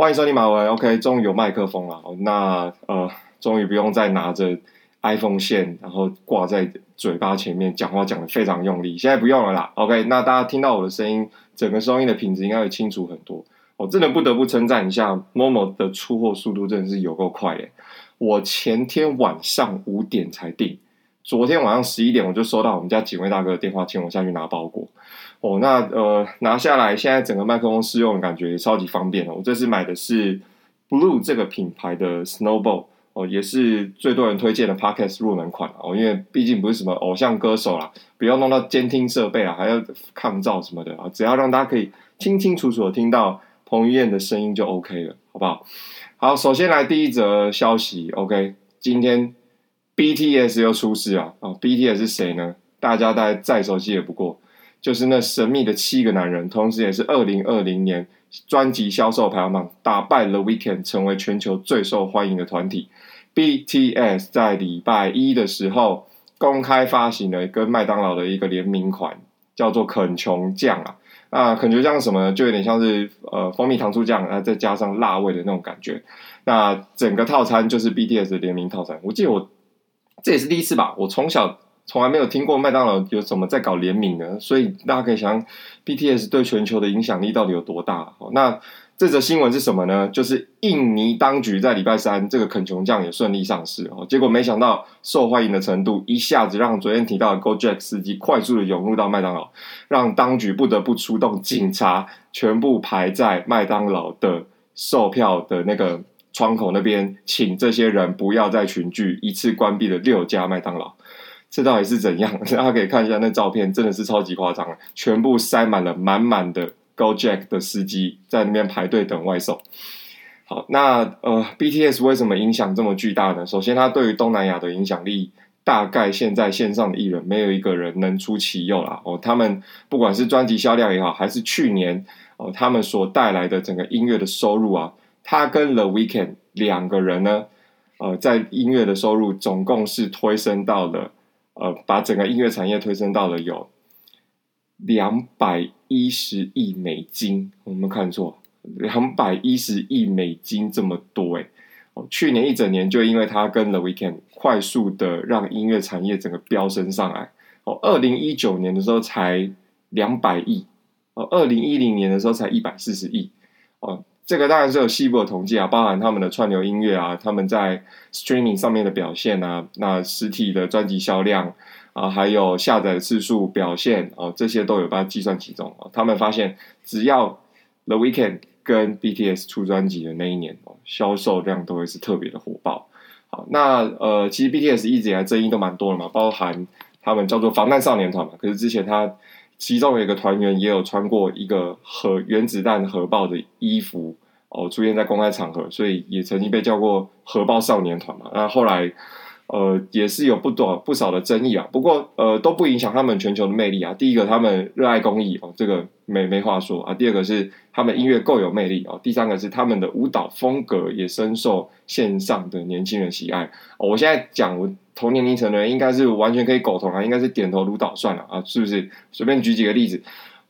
歡迎收聽馬文，OK，終於有麥克風了，那呃，終於不用再拿着 iPhone 線，然後掛在嘴巴前面講話講得非常用力，現在不用了啦，OK，那大家聽到我的聲音，整個聲音的品質應該會清楚很多。我真的不得不稱讚一下，Momo 的出貨速度真的是有夠快耶！我前天晚上五點才訂，昨天晚上十一點我就收到我們家警衛大哥的電話，請我下去拿包裹。哦，那呃，拿下來現在整個麥克風試用的感覺也超級方便了，哦。我這次買的是 Blue 這個品牌的 Snowball，哦，也是最多人推薦的 Podcast 入門款了。哦，因為畢竟不是什麼偶像歌手啦，不要弄到監聽設備啊，還要抗噪什麼的啊，只要讓大家可以清清楚楚的聽到彭於晏的聲音就 OK 了，好不好？好，首先來第一則消息，OK，今天 B T S 又出事啊！啊、哦、B T S 是誰呢？大家大家再熟悉也不過。就是那神秘的七個男人，同時也是二零二零年專輯銷售排行榜打敗了 Weeknd，e 成為全球最受歡迎的團體。BTS 在禮拜一的時候公開發行了一個跟麥當勞的一個聯名款，叫做肯瓊醬啊。那肯瓊醬是什麼呢？就有點像是呃蜂蜜糖醋醬啊、呃，再加上辣味的那種感覺。那整個套餐就是 BTS 的聯名套餐。我記得我這也是第一次吧。我從小。從來沒有聽過麥當勞有什麼在搞聯名的，所以大家可以想，BTS 對全球的影響力到底有多大？那這則新聞是什麼呢？就是印尼當局在禮拜三，這個肯瓊醬也順利上市哦。結果沒想到受歡迎的程度，一下子讓昨天提到的 Gojek 司機快速的湧入到麥當勞，讓當局不得不出動警察，全部排在麥當勞的售票的那個窗口那邊，請這些人不要再群聚，一次關閉了六家麥當勞。這到底是怎樣？大家可以看一下那照片，真的是超級誇張了，全部塞滿了滿滿的 Go Jack 的司機在那邊排隊等外送。好，那呃，BTS 為什麼影響這麼巨大呢？首先，它對於東南亞的影響力，大概現在線上的藝人沒有一個人能出其右啦。哦，他們不管是專輯銷量也好，還是去年哦、呃、他們所帶來的整個音樂的收入啊，他跟 The Weeknd 兩個人呢，呃，在音樂的收入總共是推升到了。呃，把整個音樂產業推升到了有兩百一十億美金，我有沒有看錯，兩百一十億美金這麼多、欸、哦，去年一整年就因為它跟了 Weeknd 快速的讓音樂產業整個飆升上來。哦，二零一九年的時候才兩百億，哦，二零一零年的時候才一百四十億，哦。這個當然是有細部的統計啊，包含他們的串流音樂啊，他們在 streaming 上面的表現啊，那實體的專輯銷量啊，呃，還有下載的次數表現哦，這些都有把它計算其中哦。他們發現，只要 The Weeknd 跟 BTS 出專輯的那一年哦，銷售量都會是特別的火爆。好，那呃，其實 BTS 一直以來爭議都蠻多的嘛，包含他們叫做防彈少年團嘛，可是之前他。其中有一個團員也有穿過一個核原子彈核爆的衣服哦，出現在公開場合，所以也曾經被叫過核爆少年團嘛。那後來。呃，也是有不多不少的爭議啊。不過，呃，都不影響他們全球的魅力啊。第一個，他們熱愛公益哦，這個沒沒話說啊。第二個是他們音樂夠有魅力哦。第三個是他們的舞蹈風格也深受線上的年輕人喜愛。哦、我現在講，我同年齡層的人應該是完全可以苟同啊，應該是點頭如搗蒜了啊，啊，是不是？隨便舉幾個例子，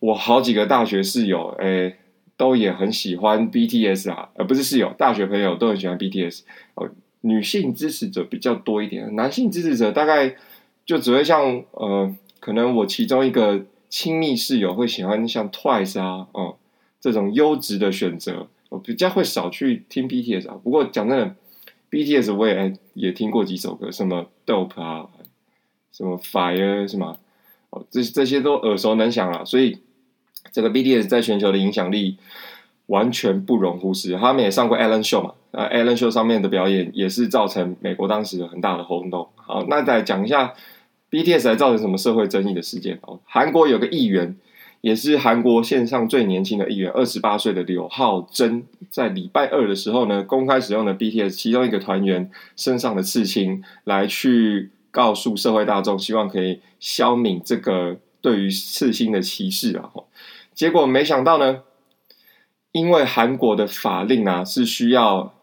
我好幾個大學室友，哎、欸，都也很喜歡 BTS 啊、呃。不是室友，大學朋友都很喜歡 BTS 哦、呃。女性支持者比較多一點，男性支持者大概就只會像呃，可能我其中一個親密室友會喜歡像 Twice 啊，哦、嗯、這種優質的選擇，我比較會少去聽 BTS 啊。不過講真的，BTS 我也也聽過幾首歌，什麼 Dope 啊，什麼 Fire 什麼、啊，哦這這些都耳熟能詳了。所以這個 BTS 在全球的影響力，完全不容忽視，他們也上過《艾倫秀》嘛，啊，《艾倫秀》上面的表演也是造成美國當時很大的轟動。好，那再講一下 BTS 還造成什麼社會爭議的事件哦？韓國有個議員，也是韓國線上最年輕的議員，二十八歲的柳浩真，在禮拜二的時候呢，公開使用了 BTS 其中一個團員身上的刺青，來去告訴社會大眾，希望可以消弭這個對於刺青的歧視啊！結果沒想到呢。因為韓國的法令啊是需要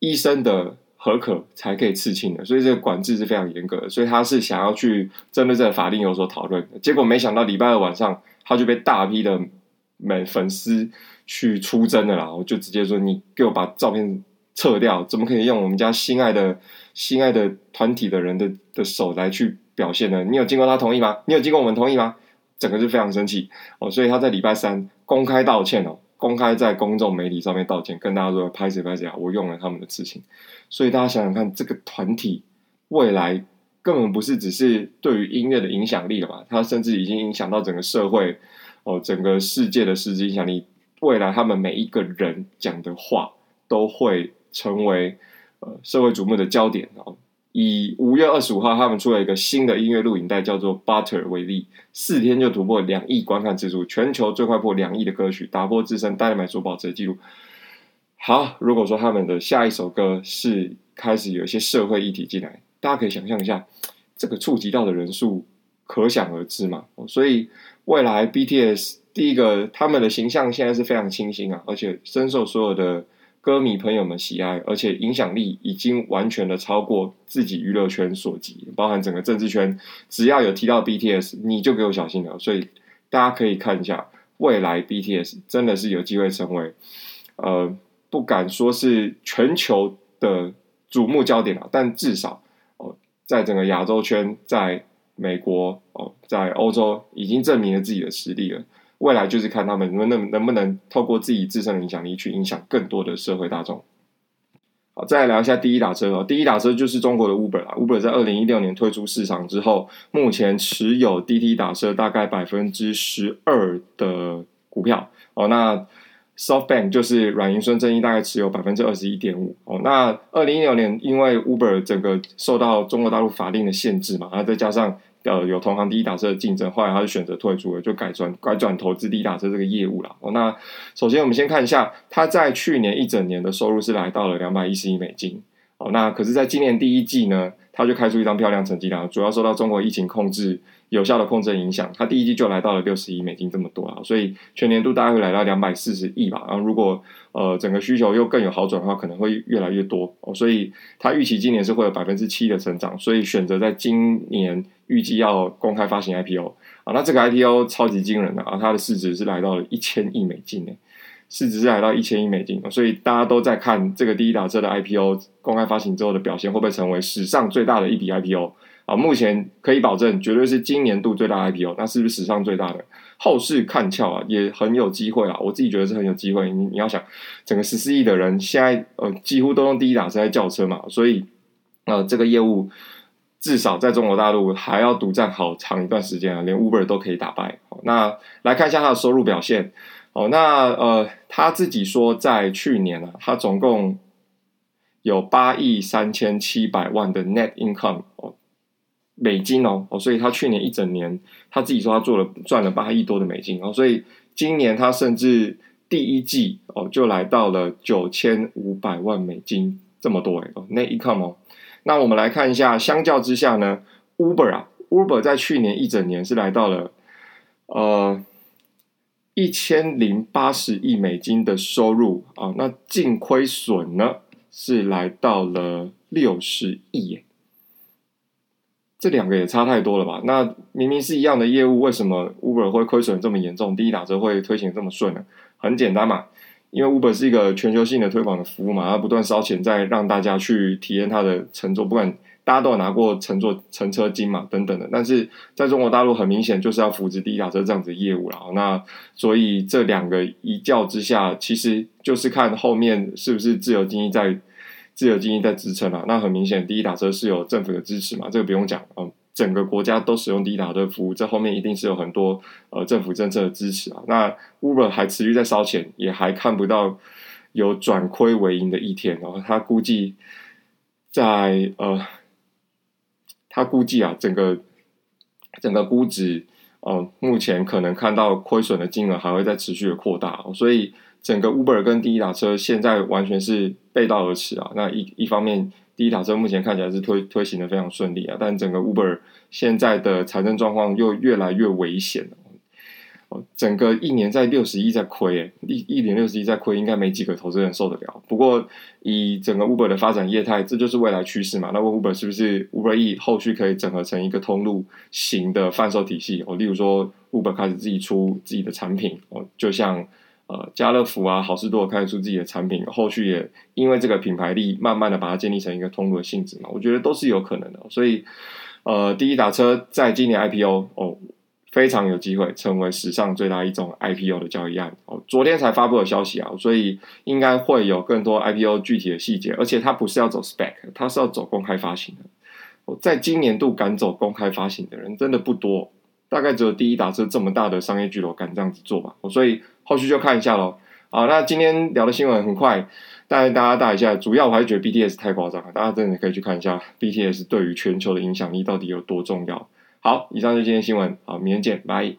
醫生的許可才可以刺青的，所以這個管制是非常嚴格的。所以他是想要去針對這個法令有所討論，結果沒想到禮拜二晚上他就被大批的美粉絲去出征了。然後就直接說：“你給我把照片撤掉，怎麼可以用我們家心愛的心愛的團體的人的的手來去表現呢？你有經過他同意嗎？你有經過我們同意嗎？”整個就非常生氣哦，所以他在禮拜三公開道歉哦。公開在公眾媒體上面道歉，跟大家說歹勢歹勢，我用了他們的事情。所以大家想想看，這個團體未來根本不是只是對於音樂的影響力了吧？它甚至已經影響到整個社會，哦，整個世界的實際影響力。未來他們每一個人講的話，都會成為呃社會矚目的焦點，哦。以五月二十五號他們出了一個新的音樂錄影帶，叫做《Butter》為例，四天就突破兩億觀看次數，全球最快破兩億的歌曲，打破自身 Dynamite 所保持的記錄。好，如果說他們的下一首歌是開始有一些社會議題進來，大家可以想象一下，這個觸及到的人數可想而知嘛。所以未來 BTS 第一個他們的形象現在是非常清新啊，而且深受所有的。歌迷朋友們喜愛，而且影響力已經完全的超過自己娛樂圈所及，包含整個政治圈。只要有提到 BTS，你就給我小心了。所以大家可以看一下，未來 BTS 真的是有機會成為，呃，不敢說是全球的矚目焦點了，但至少哦，在整個亞洲圈，在美國哦，在歐洲已經證明了自己的實力了。未來就是看他們能能能不能透過自己自身的影響力去影響更多的社會大眾。好，再來聊一下滴滴打車哦。滴滴打車就是中國的 Uber 啊。Uber 在二零一六年推出市場之後，目前持有滴滴打車大概百分之十二的股票。哦，那 SoftBank 就是軟銀孫正義大概持有百分之二十一點五。哦，那二零一六年因為 Uber 整個受到中國大陸法令的限制嘛，然後再加上。呃，有同行滴滴打車的競爭，後來他就選擇退出了，就改轉改轉投資滴滴打車這個業務了。哦，那首先我們先看一下，他在去年一整年的收入是來到了兩百一十億美金。哦，那可是在今年第一季呢？他就開出一張漂亮成績單，主要受到中國疫情控制有效的控制影響，他第一季就來到了六十億美金這麼多啊，所以全年度大概會來到兩百四十億吧。然後如果呃整個需求又更有好轉的話，可能會越來越多。哦，所以他預期今年是會有百分之七的成長，所以選擇在今年預計要公開發行 IPO 啊。那這個 IPO 超級驚人的啊，它的市值是來到了一千億美金誒。市值是來到一千億美金，所以大家都在看這個滴滴打車的 IPO 公開發行之後的表現會不會成為史上最大的一筆 IPO 啊？目前可以保證絕對是今年度最大 IPO，那是不是史上最大的？後市看俏啊，也很有機會啊。我自己覺得是很有機會。你你要想，整個十四億的人現在呃幾乎都用滴滴打車在叫車嘛，所以呃這個業務至少在中國大陸還要獨占好長一段時間啊，連 Uber 都可以打敗。那來看一下它的收入表現。哦，那呃，他自己說，在去年啊，他總共有八億三千七百萬的 net income 哦，美金哦，哦，所以他去年一整年，他自己說他做了賺了八億多的美金哦，所以今年他甚至第一季哦，就來到了九千五百萬美金這麼多哎哦，net income 哦，那我們來看一下，相較之下呢，Uber 啊，Uber 在去年一整年是來到了呃。一千零八十億美金的收入啊，那淨虧損呢是來到了六十億，這兩個也差太多了吧？那明明是一樣的業務，為什麼 Uber 會虧損這麼嚴重？滴滴打車會推行這麼順呢？很簡單嘛，因為 Uber 是一個全球性的推廣的服務嘛，它不斷燒錢在讓大家去體驗它的乘坐，不管。大家都有拿過乘坐乘車金嘛等等的，但是在中國大陸很明顯就是要扶持滴滴打車這樣子的業務了。那所以這兩個一較之下，其實就是看後面是不是自由經濟在自由經濟在支撐了。那很明顯，滴滴打車是有政府的支持嘛，這個不用講、呃、整個國家都使用滴滴打車服務，這後面一定是有很多呃政府政策的支持啊。那 Uber 還持續在燒錢，也還看不到有轉虧為盈的一天哦。然後他估計在呃。他估計啊，整個整個估值，呃，目前可能看到虧損的金額還會再持續的擴大哦，所以整個 Uber 跟滴滴打車現在完全是背道而馳啊。那一一方面，滴滴打車目前看起來是推推行的非常順利啊，但整個 Uber 現在的財政狀況又越來越危險了。整個一年在六十億在虧，一一年六十億在虧，應該沒幾個投資人受得了。不過以整個 Uber 的發展業態，這就是未來趨勢嘛。那問 Uber 是不是 Uber E 後續可以整合成一個通路型的販售體系？哦，例如說 Uber 開始自己出自己的產品，哦，就像呃家樂福啊、好事多開始出自己的產品，後續也因為這個品牌力，慢慢的把它建立成一個通路的性質嘛。我覺得都是有可能的。所以呃，滴滴打車在今年 IPO 哦。非常有機會成為史上最大一宗 IPO 的交易案哦。昨天才發布的消息啊，所以應該會有更多 IPO 具體的細節。而且它不是要走 spec，它是要走公開發行的。我、哦、在今年度敢走公開發行的人真的不多，大概只有滴滴打車這麼大的商業巨龍敢這樣子做吧，哦。所以後續就看一下嘍。好、啊，那今天聊的新聞很快，帶大家打一下。主要我還是覺得 BTS 太誇張了，大家真的可以去看一下 BTS 對於全球的影響力到底有多重要。好，以上就是今天新聞。好，明天見，拜。